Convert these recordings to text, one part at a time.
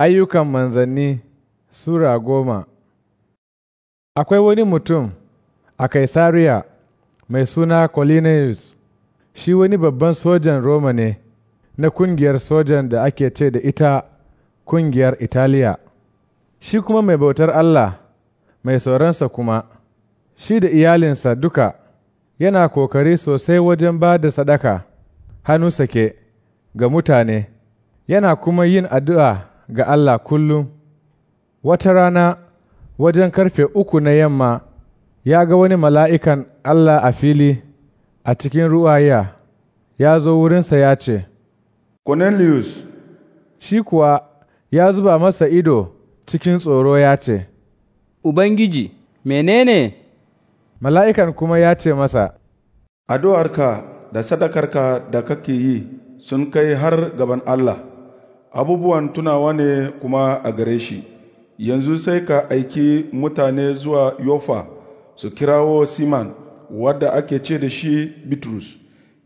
Ayyukan manzanni Sura goma Akwai wani mutum a Kaisariya mai suna Collinus, shi wani babban sojan Roma ne na kungiyar sojan da ake ce da ita kungiyar Italiya, shi kuma mai bautar Allah, mai sauransa kuma, shi da iyalinsa duka yana kokari sosai wajen ba da sadaka hannu sake ga mutane, yana kuma yin addu'a. ga Allah kullum. Wata rana wajen karfe uku na yamma ya ga wani mala'ikan Allah a fili a cikin ruwaya ya zo wurinsa ya ce, Cornelius, shi kuwa ya zuba masa ido cikin tsoro ya ce, Ubangiji, menene? Mala'ikan kuma ya ce masa, Addu'arka da sadakarka da kake yi sun kai har gaban Allah. abubuwan tunawa ne kuma a gare shi, yanzu sai ka aiki mutane zuwa Yofa su kirawo Siman wadda ake ce da shi Bitrus,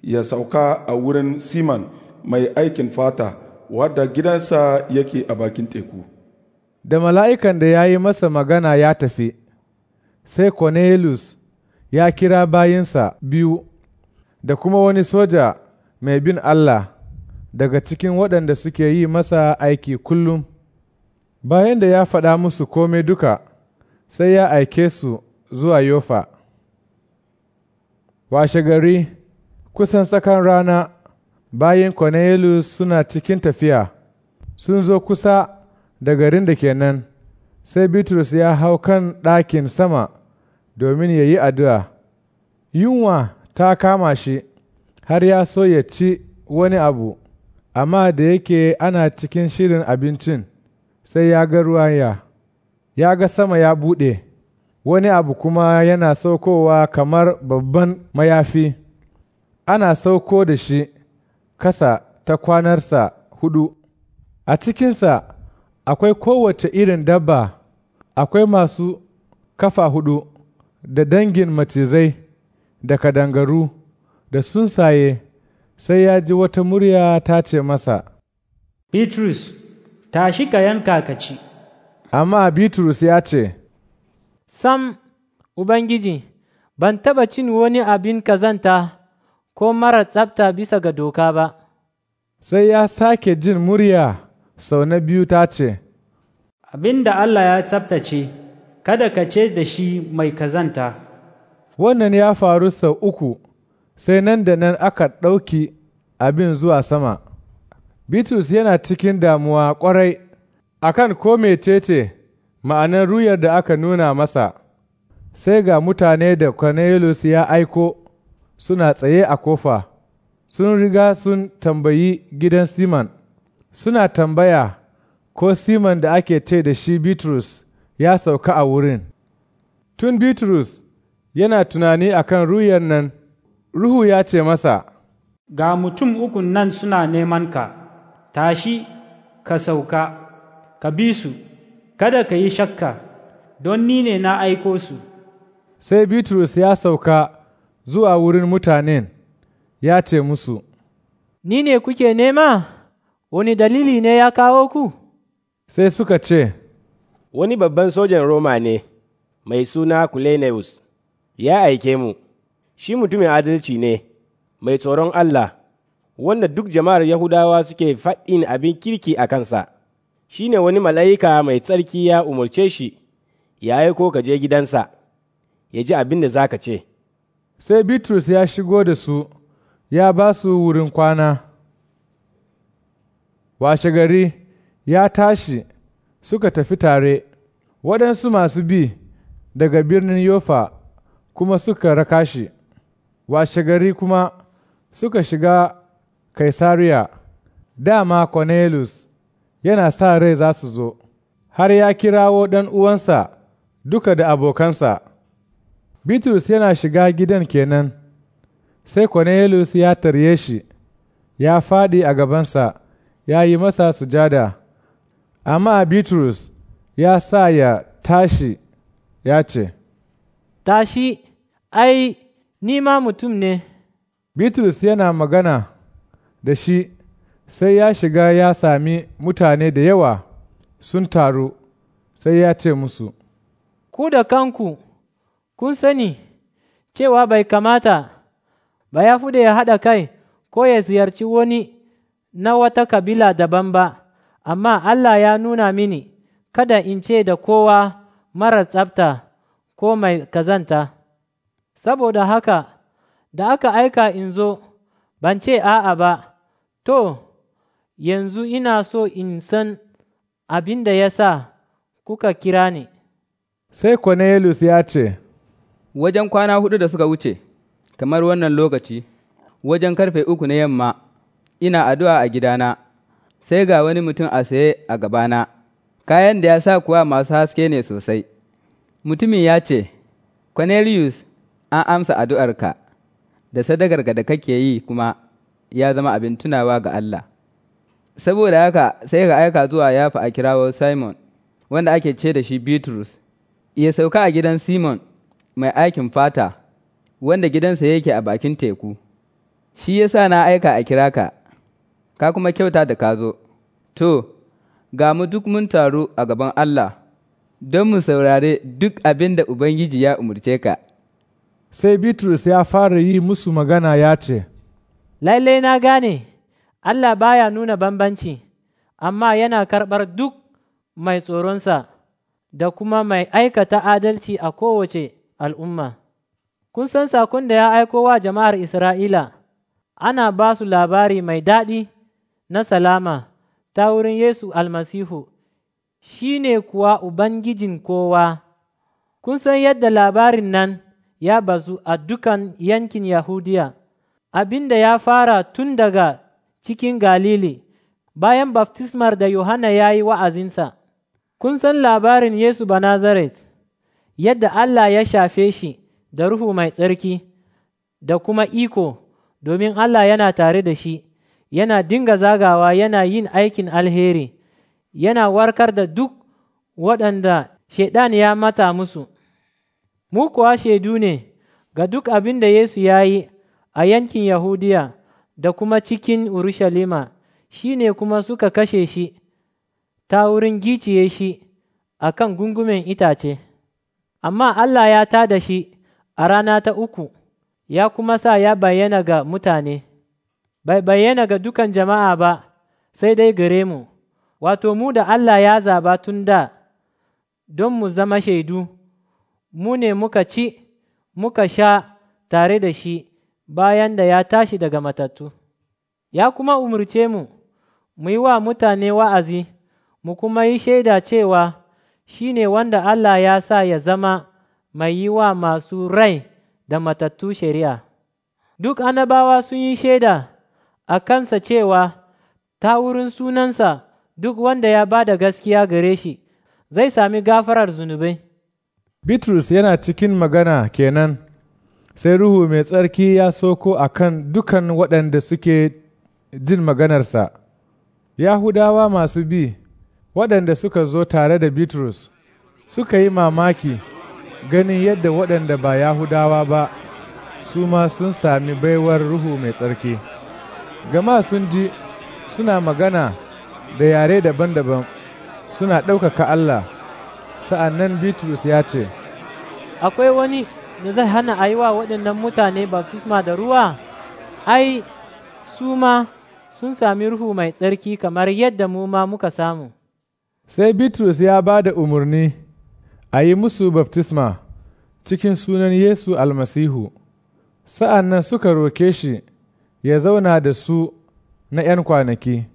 ya sauka a wurin Siman mai aikin fata wadda gidansa yake a bakin teku. Da mala'ikan da ya yi masa magana ya tafi, sai Cornelius ya kira bayinsa biyu da kuma wani soja mai bin Allah. daga cikin waɗanda suke yi masa aiki kullum. Bayan da ya faɗa musu kome duka, sai ya aike su zuwa Yofa. Washe gari, kusan tsakan rana, bayan Cornelius suna cikin tafiya, sun zo kusa da garin da kenan, sai Bitrus ya hau kan ɗakin sama domin ya yi addu'a. Yunwa ta kama shi, har ya so ya ci wani abu. amma da yake ana cikin shirin abincin sai ya ga ruwaya, ya ga sama ya buɗe, wani abu kuma yana saukowa kamar babban mayafi, ana sauko da shi kasa ta kwanarsa hudu. A cikinsa akwai kowace irin dabba, akwai masu kafa hudu, da dangin macizai, da kadangaru, da sunsaye. sai ya ji wata murya ta ce masa, Bitrus, tashi ka yanka ka ci. Amma Bitrus ya ce, Sam, Ubangiji, ban taɓa cin wani abin kazanta ko mara tsafta bisa ga doka ba. Sai ya sake jin murya sau na biyu ta ce, Abin da Allah ya tsaftace, kada ka ce da shi mai kazanta. Wannan ya faru sau uku. sai nan da nan aka ɗauki abin zuwa sama. Bitrus yana cikin damuwa ƙwarai kan ko mecece ma'anar ruyar da aka nuna masa, sai ga mutane da Cornelius ya aiko suna tsaye a kofa, sun riga sun tambayi gidan Siman, suna tambaya ko Siman da ake ce da shi Bitrus ya sauka a wurin. Tun Bitrus yana tunani akan ruyar nan. Ruhu ya ce masa, Ga mutum ukun nan suna neman ka, tashi ka sauka, ka bi su, kada ka yi shakka, don ni ne na aiko su. Sai Bitrus ya sauka zuwa wurin mutanen, ya ce musu, Ni ne kuke nema, wani dalili ne ya kawo ku? Sai suka ce, Wani babban sojan Roma ne, mai suna Kuleneus, ya aike mu. shi mutumin adalci ne, mai tsoron Allah, wanda duk jama'ar Yahudawa suke faɗin abin kirki a kansa, shi ne wani mala'ika mai tsarki ya umarce shi, ya yi ko kaje je gidansa, ya ji abin da za ka ce. Sai Bitrus ya shigo da su, ya ba su wurin kwana. Washe gari ya tashi suka tafi tare, waɗansu masu bi daga birnin Yofa kuma suka raka shi. washegari kuma suka shiga Kaisariya, dama Cornelius yana sa rai za su zo, har ya kirawo ɗan uwansa duka da abokansa. Bitrus yana shiga gidan kenan, sai Cornelius ya tarye shi, ya faɗi a gabansa, ya yi masa sujada, amma Bitrus ya sa ya tashi, ya ce, Tashi, ai, ni ma mutum ne. Bitrus yana magana da shi sai ya shiga ya sami mutane da yawa sun taru sai ya ce musu, Ku da kanku, kun sani cewa bai kamata ba ya fuda ya haɗa kai ko ya ziyarci wani na wata kabila daban ba, amma Allah ya nuna mini kada in ce da kowa marar tsabta ko mai kazanta. saboda haka da aka aika in zo, ban ce a'a ba, to, yanzu ina so in san abin da ya sa kuka kira ni. Sai Cornelius ya ce, Wajen kwana hudu da suka wuce, kamar wannan lokaci, wajen karfe uku na yamma, ina addu'a a gidana, sai ga wani mutum a saye a gabana, kayan da ya sa kuwa masu haske ne sosai. Mutumin ya ce, Cornelius, an amsa addu'arka da sadakarka da kake yi kuma ya zama abin tunawa ga Allah. Saboda haka sai ka aika zuwa ya fi a kirawo Simon, wanda ake ce da shi Bitrus, ya sauka a gidan Simon mai aikin fata, wanda gidansa yake a bakin teku. Shi ya sa na aika a kira ka, ka kuma kyauta da ka zo. To, ga mu duk mun taru a gaban Allah, don mu saurare duk abin da Ubangiji ya umarce ka. sai Bitrus ya fara yi musu magana ya ce, Lallai na gane, Allah baya nuna bambanci, amma yana karɓar duk mai tsoronsa da kuma mai aikata adalci a kowace al'umma. Kun san sakon da ya aiko wa jama'ar Isra'ila, ana ba su labari mai daɗi na salama ta wurin Yesu almasihu, shi ne kuwa Ubangijin kowa. Kun san yadda labarin nan ya bazu a dukan yankin Yahudiya, Abinda ya fara tun daga cikin Galili bayan baftismar da Yohana ya yi wa'azinsa. Kun san labarin Yesu ba Nazaret, yadda Allah ya shafe shi da Ruhu mai tsarki da kuma iko, domin Allah yana tare da shi, yana dinga zagawa yana yin aikin alheri, yana warkar da duk waɗanda Shaiɗan ya mata musu. mu kuwa shaidu ne ga duk abin da Yesu ya yi a yankin Yahudiya da kuma cikin Urushalima, shi ne kuma suka kashe shi ta wurin giciye shi a kan gungumen itace, amma Allah ya ta da shi a rana ta uku, ya kuma sa ya bayyana ga mutane, bai bayyana ga dukan jama'a ba, sai dai gare mu, wato mu da Allah ya zaba tun da don mu zama shaidu. mu ne muka ci muka sha tare da shi bayan da ya tashi daga matattu ya kuma umarce mu mu yi wa mutane wa'azi mu kuma yi shaida cewa shi ne wanda Allah ya sa ya zama mai yi wa masu rai da matattu shari'a duk anabawa sun yi shaida a kansa cewa ta wurin sunansa duk wanda ya ba da gaskiya gare shi zai sami gafarar zunubai Bitrus yana cikin magana kenan, sai Ruhu mai tsarki ya soko a kan dukan waɗanda suke jin maganarsa. Yahudawa masu bi, waɗanda suka zo tare da Bitrus, suka yi mamaki ganin yadda waɗanda ba Yahudawa ba, su ma sun sami baiwar Ruhu mai tsarki. Gama sun ji suna magana da yare daban-daban, suna ɗaukaka Allah. sa'annan Bitrus ya ce, Akwai wani da zai hana a yi wa waɗannan mutane baftisma da ruwa? Ai, su ma sun sami ruhu mai tsarki kamar yadda mu ma muka samu. Sai Bitrus ya ba da umarni a yi musu baftisma cikin sunan Yesu almasihu, sa'annan suka roke shi ya zauna da su na ’yan kwanaki.